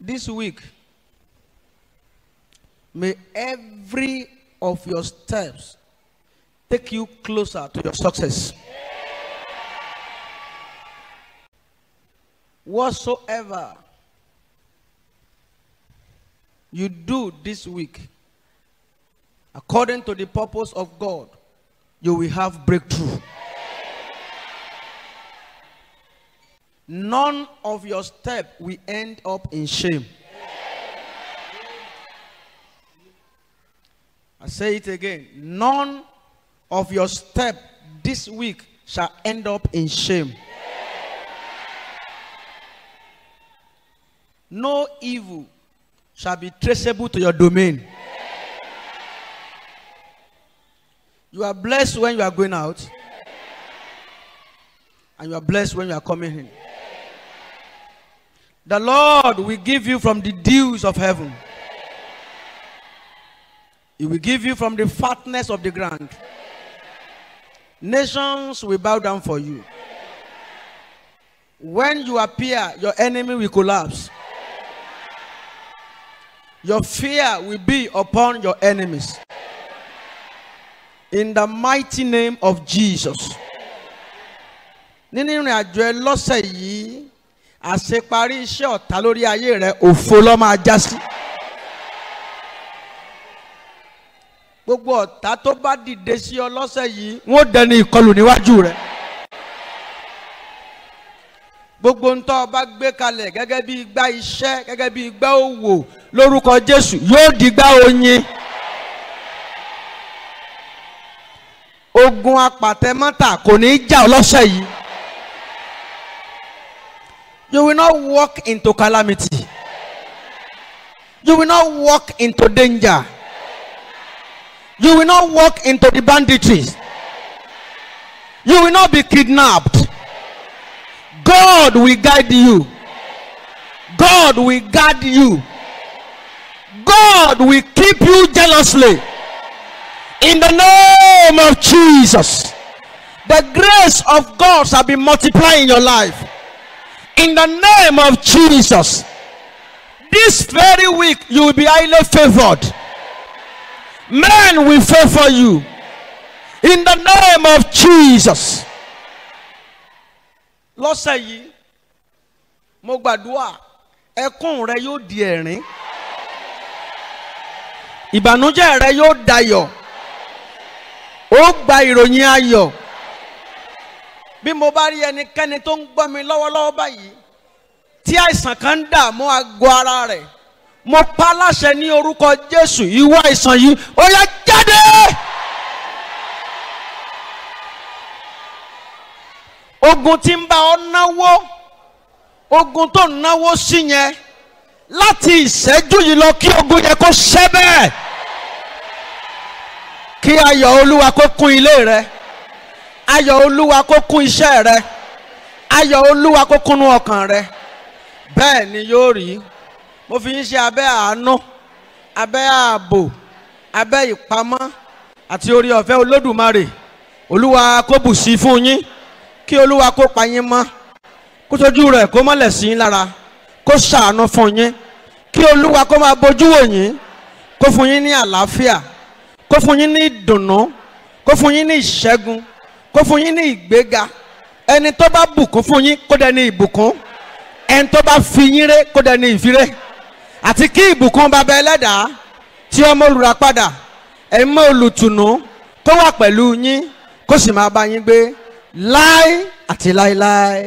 this week, may every of your steps take you closer to your success. Whatsoever you do this week, according to the purpose of God, you will have breakthrough. none of your step will end up in shame. I say it again. None of your step this week shall end up in shame. No evil shall be traceable to your domain. You are blessed when you are going out, and you are blessed when you are coming in. The Lord will give you from the dews of heaven. He will give you from the fatness of the ground. Nations will bow down for you. When you appear, your enemy will collapse. Your fear will be upon your enemies. In the mighty name of Jesus. àṣeparí iṣẹ́ ọ̀tá lórí ayé rẹ òfo ló máa já sí. gbogbo ọ̀tá tó bá dìde sí ọ lọ́sẹ̀ yìí wọ́n dẹni ìkọlù níwájú rẹ. gbogbo ń tọ́ ọ bá gbé kalẹ̀ gẹ́gẹ́ bí igbá iṣẹ́ gẹ́gẹ́ bí igbá òwò lórúkọ Jésù yóò dìgbà oyin. ogun apàtẹ́mọ́ta kò ní í jà ọ lọ́sẹ̀ yìí. You will not walk into calamity. You will not walk into danger. You will not walk into the banditries. You will not be kidnapped. God will guide you. God will guard you. God will keep you jealously. In the name of Jesus. The grace of God shall be multiplied in your life. In the name of Jesus. This very week, you will be highly favored. Men will favor you. In the name of Jesus. Lọ́sẹ̀ yìí, mo gbàdúrà ẹkún rẹ yóò di ẹ̀rín. Ìbànújẹ́ rẹ yóò dayọ̀. Ó gba ìròyìn ayọ̀ bí mo bá rí ẹnikẹ́ni tó ń gbọ́ mi lọ́wọ́lọ́wọ́ báyìí tí àìsàn kan ń dààmú àgọ́ ara rẹ̀ mo pa láṣẹ ní orúkọ Jésù ìwọ àìsàn yìí ó yá jáde. ogun tí ń bá ọ náwó ogun tó ń náwó sí yẹn láti ìṣẹ́jú yìí lọ kí ogun yẹn kó ṣẹ́ bẹ́ẹ̀ kí ayọ̀ Olúwa kó kún ilé rẹ ayọ̀ olúwa kó kún iṣẹ́ rẹ ayọ̀ olúwa kó kúnnú ọkàn rẹ bẹ́ẹ̀ ni yóò rí mo fi ń ṣe abẹ́ àánú abẹ́ ààbò abẹ́ ìpamọ́ àti orí ọ̀fẹ́ olódùmarè olúwa kó bù sí fún yín kí olúwa kó pa yín mọ́ kó tójú rẹ̀ kó mọ́lẹ̀ sí yín lára kó ṣàánú fún yín kí olúwa kó máa bójú wò yín kó fún yín ní àlàáfíà kó fún yín ní ìdùnnú kó fún yín ní ìṣẹ́gun kó fún yín ní ìgbéga ẹni tó bá bùkún fún yín kó dẹni ìbùkún ẹni tó bá fi yín ré kó dẹni ìfiré àti kí ìbùkún bàbá ẹlẹ́dàá tí ọmọ olùràpadà ẹ̀mọ́ olùtùnú kó wà pẹ̀lú yín kó sì máa bá yín gbé láé àti láéláé.